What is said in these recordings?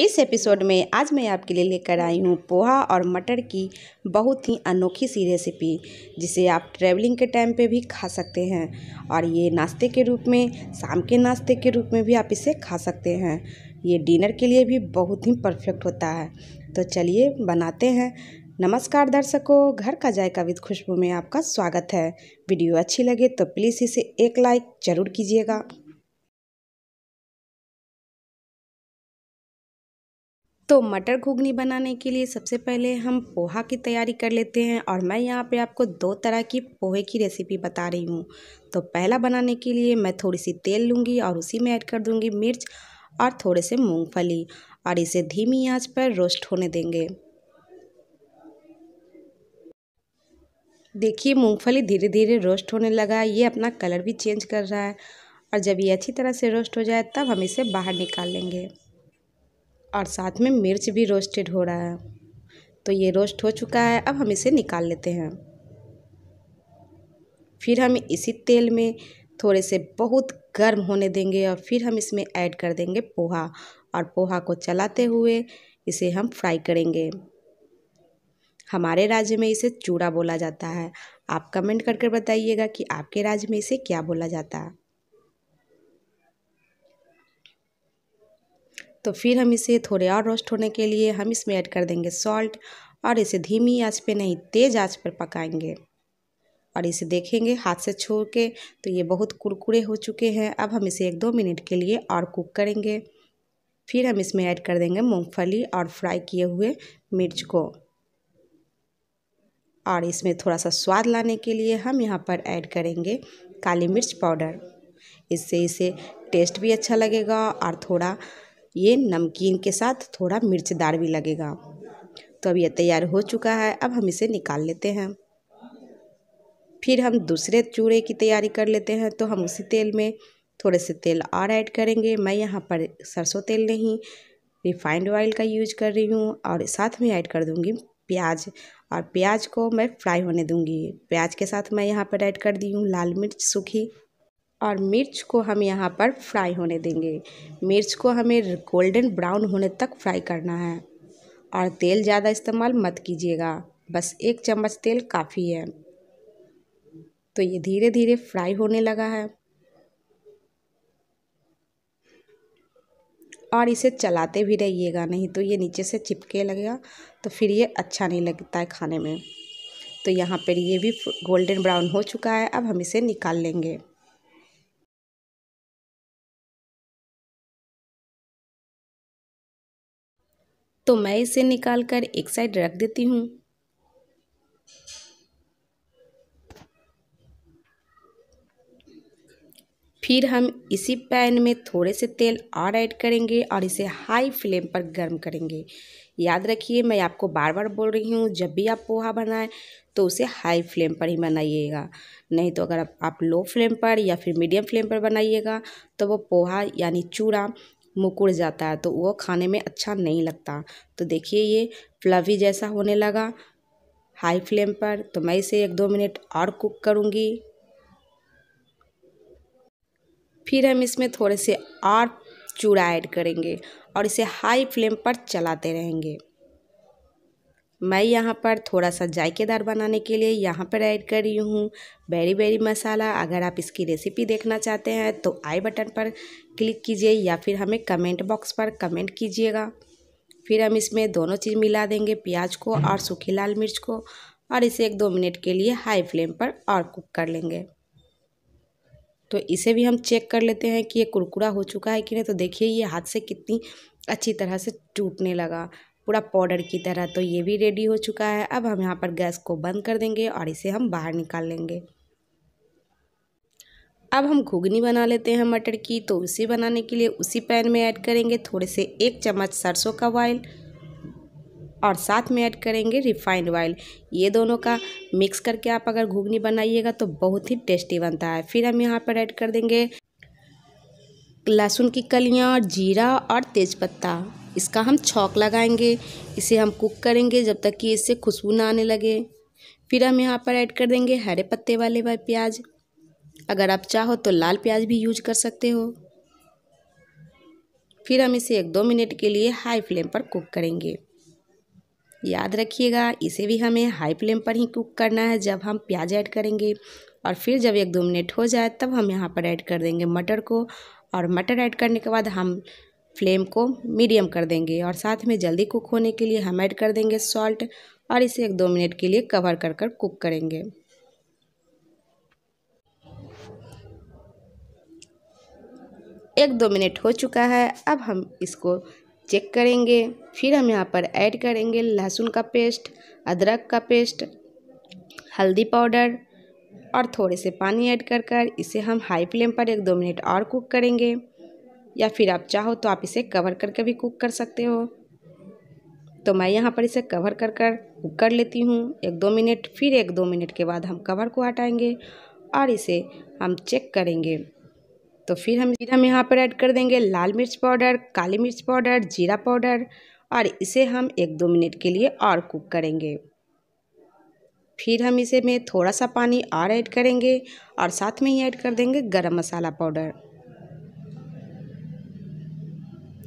इस एपिसोड में आज मैं आपके लिए लेकर आई हूँ पोहा और मटर की बहुत ही अनोखी सी रेसिपी जिसे आप ट्रैवलिंग के टाइम पे भी खा सकते हैं और ये नाश्ते के रूप में शाम के नाश्ते के रूप में भी आप इसे खा सकते हैं ये डिनर के लिए भी बहुत ही परफेक्ट होता है तो चलिए बनाते हैं नमस्कार दर्शकों घर का जायका विद खुशबू में आपका स्वागत है वीडियो अच्छी लगे तो प्लीज़ इसे एक लाइक ज़रूर कीजिएगा तो मटर घुगनी बनाने के लिए सबसे पहले हम पोहा की तैयारी कर लेते हैं और मैं यहाँ पे आपको दो तरह की पोहे की रेसिपी बता रही हूँ तो पहला बनाने के लिए मैं थोड़ी सी तेल लूँगी और उसी में ऐड कर दूँगी मिर्च और थोड़े से मूंगफली और इसे धीमी आंच पर रोस्ट होने देंगे देखिए मूंगफली धीरे धीरे रोस्ट होने लगा ये अपना कलर भी चेंज कर रहा है और जब ये अच्छी तरह से रोस्ट हो जाए तब हम इसे बाहर निकाल लेंगे और साथ में मिर्च भी रोस्टेड हो रहा है तो ये रोस्ट हो चुका है अब हम इसे निकाल लेते हैं फिर हम इसी तेल में थोड़े से बहुत गर्म होने देंगे और फिर हम इसमें ऐड कर देंगे पोहा और पोहा को चलाते हुए इसे हम फ्राई करेंगे हमारे राज्य में इसे चूड़ा बोला जाता है आप कमेंट करके बताइएगा कि आपके राज्य में इसे क्या बोला जाता है तो फिर हम इसे थोड़े और रोस्ट होने के लिए हम इसमें ऐड कर देंगे सॉल्ट और इसे धीमी आंच पे नहीं तेज़ आंच पर पकाएंगे और इसे देखेंगे हाथ से छोड़ के तो ये बहुत कुरकुरे हो चुके हैं अब हम इसे एक दो मिनट के लिए और कुक करेंगे फिर हम इसमें ऐड कर देंगे मूंगफली और फ्राई किए हुए मिर्च को और इसमें थोड़ा सा स्वाद लाने के लिए हम यहाँ पर ऐड करेंगे काली मिर्च पाउडर इससे इसे टेस्ट भी अच्छा लगेगा और थोड़ा ये नमकीन के साथ थोड़ा मिर्चदार भी लगेगा तो अब यह तैयार हो चुका है अब हम इसे निकाल लेते हैं फिर हम दूसरे चूड़े की तैयारी कर लेते हैं तो हम उसी तेल में थोड़े से तेल और ऐड करेंगे मैं यहाँ पर सरसों तेल नहीं रिफाइंड ऑयल का यूज कर रही हूँ और साथ में ऐड कर दूँगी प्याज और प्याज को मैं फ्राई होने दूँगी प्याज के साथ मैं यहाँ पर ऐड कर दी हूँ लाल मिर्च सूखी और मिर्च को हम यहाँ पर फ्राई होने देंगे मिर्च को हमें गोल्डन ब्राउन होने तक फ्राई करना है और तेल ज़्यादा इस्तेमाल मत कीजिएगा बस एक चम्मच तेल काफ़ी है तो ये धीरे धीरे फ्राई होने लगा है और इसे चलाते भी रहिएगा नहीं तो ये नीचे से चिपके लगेगा तो फिर ये अच्छा नहीं लगता है खाने में तो यहाँ पर ये भी गोल्डन ब्राउन हो चुका है अब हम इसे निकाल लेंगे तो मैं इसे निकाल कर एक साइड रख देती हूँ फिर हम इसी पैन में थोड़े से तेल और ऐड करेंगे और इसे हाई फ्लेम पर गर्म करेंगे याद रखिए मैं आपको बार बार बोल रही हूँ जब भी आप पोहा बनाएं तो उसे हाई फ्लेम पर ही बनाइएगा नहीं तो अगर आप, लो फ्लेम पर या फिर मीडियम फ्लेम पर बनाइएगा तो वो पोहा यानी चूड़ा मुकुड़ जाता है तो वो खाने में अच्छा नहीं लगता तो देखिए ये फ्लवी जैसा होने लगा हाई फ्लेम पर तो मैं इसे एक दो मिनट और कुक करूँगी फिर हम इसमें थोड़े से और चूड़ा ऐड करेंगे और इसे हाई फ्लेम पर चलाते रहेंगे मैं यहाँ पर थोड़ा सा जायकेदार बनाने के लिए यहाँ पर ऐड कर रही हूँ बेरी बेरी मसाला अगर आप इसकी रेसिपी देखना चाहते हैं तो आई बटन पर क्लिक कीजिए या फिर हमें कमेंट बॉक्स पर कमेंट कीजिएगा फिर हम इसमें दोनों चीज़ मिला देंगे प्याज को और सूखी लाल मिर्च को और इसे एक दो मिनट के लिए हाई फ्लेम पर और कुक कर लेंगे तो इसे भी हम चेक कर लेते हैं कि ये कुरकुरा हो चुका है कि नहीं तो देखिए ये हाथ से कितनी अच्छी तरह से टूटने लगा पूरा पाउडर की तरह तो ये भी रेडी हो चुका है अब हम यहाँ पर गैस को बंद कर देंगे और इसे हम बाहर निकाल लेंगे अब हम घुगनी बना लेते हैं मटर की तो उसे बनाने के लिए उसी पैन में ऐड करेंगे थोड़े से एक चम्मच सरसों का ऑयल और साथ में ऐड करेंगे रिफाइंड ऑयल ये दोनों का मिक्स करके आप अगर घुगनी बनाइएगा तो बहुत ही टेस्टी बनता है फिर हम यहाँ पर ऐड कर देंगे लहसुन की कलियाँ और जीरा और तेज़पत्ता इसका हम छौक लगाएंगे इसे हम कुक करेंगे जब तक कि इससे खुशबू ना आने लगे फिर हम यहाँ पर ऐड कर देंगे हरे पत्ते वाले वाले प्याज अगर आप चाहो तो लाल प्याज भी यूज कर सकते हो फिर हम इसे एक दो मिनट के लिए हाई फ्लेम पर कुक करेंगे याद रखिएगा इसे भी हमें हाई फ्लेम पर ही कुक करना है जब हम प्याज ऐड करेंगे और फिर जब एक दो मिनट हो जाए तब हम यहाँ पर ऐड कर देंगे मटर को और मटर ऐड करने के बाद हम फ्लेम को मीडियम कर देंगे और साथ में जल्दी कुक होने के लिए हम ऐड कर देंगे सॉल्ट और इसे एक दो मिनट के लिए कवर कर कर कुक करेंगे एक दो मिनट हो चुका है अब हम इसको चेक करेंगे फिर हम यहाँ पर ऐड करेंगे लहसुन का पेस्ट अदरक का पेस्ट हल्दी पाउडर और थोड़े से पानी ऐड कर कर इसे हम हाई फ्लेम पर एक दो मिनट और कुक करेंगे या फिर आप चाहो तो आप इसे कवर करके भी कुक कर सकते हो तो मैं यहाँ पर इसे कवर कर कर कुक कर लेती हूँ एक दो मिनट फिर एक दो मिनट के बाद हम कवर को हटाएंगे और इसे हम चेक करेंगे तो फिर हम फिर हम यहाँ पर ऐड कर देंगे लाल मिर्च पाउडर काली मिर्च पाउडर जीरा पाउडर और इसे हम एक दो मिनट के लिए और कुक करेंगे फिर हम इसे में थोड़ा सा पानी और ऐड करेंगे और साथ में ही ऐड कर देंगे गरम मसाला पाउडर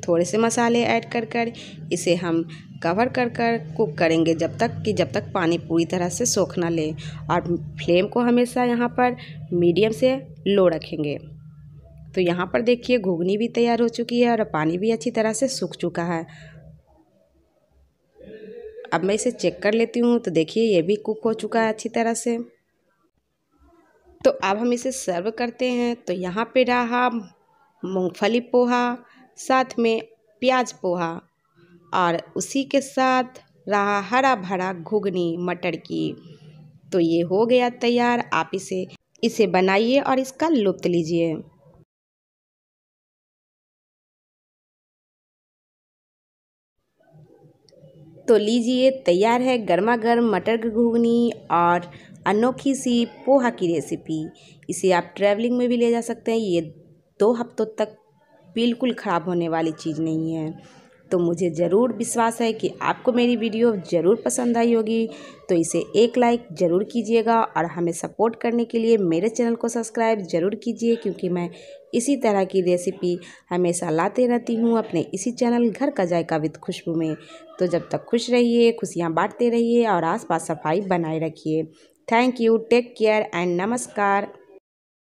थोड़े से मसाले ऐड कर कर इसे हम कवर कर कर कुक करेंगे जब तक कि जब तक पानी पूरी तरह से सोख ना ले और फ्लेम को हमेशा यहाँ पर मीडियम से लो रखेंगे तो यहाँ पर देखिए घुगनी भी तैयार हो चुकी है और पानी भी अच्छी तरह से सूख चुका है अब मैं इसे चेक कर लेती हूँ तो देखिए ये भी कुक हो चुका है अच्छी तरह से तो अब हम इसे सर्व करते हैं तो यहाँ पे रहा मूँगफली पोहा साथ में प्याज पोहा और उसी के साथ रहा हरा भरा घुगनी मटर की तो ये हो गया तैयार आप इसे इसे बनाइए और इसका लुप्त लीजिए तो लीजिए तैयार है गर्मा गर्म मटर की घुगनी और अनोखी सी पोहा की रेसिपी इसे आप ट्रैवलिंग में भी ले जा सकते हैं ये दो हफ्तों तक बिल्कुल ख़राब होने वाली चीज़ नहीं है तो मुझे ज़रूर विश्वास है कि आपको मेरी वीडियो ज़रूर पसंद आई होगी तो इसे एक लाइक ज़रूर कीजिएगा और हमें सपोर्ट करने के लिए मेरे चैनल को सब्सक्राइब ज़रूर कीजिए क्योंकि मैं इसी तरह की रेसिपी हमेशा लाते रहती हूँ अपने इसी चैनल घर का जायका विद खुशबू में तो जब तक खुश रहिए खुशियाँ बांटते रहिए और आसपास सफाई बनाए रखिए thank you take care and नमस्कार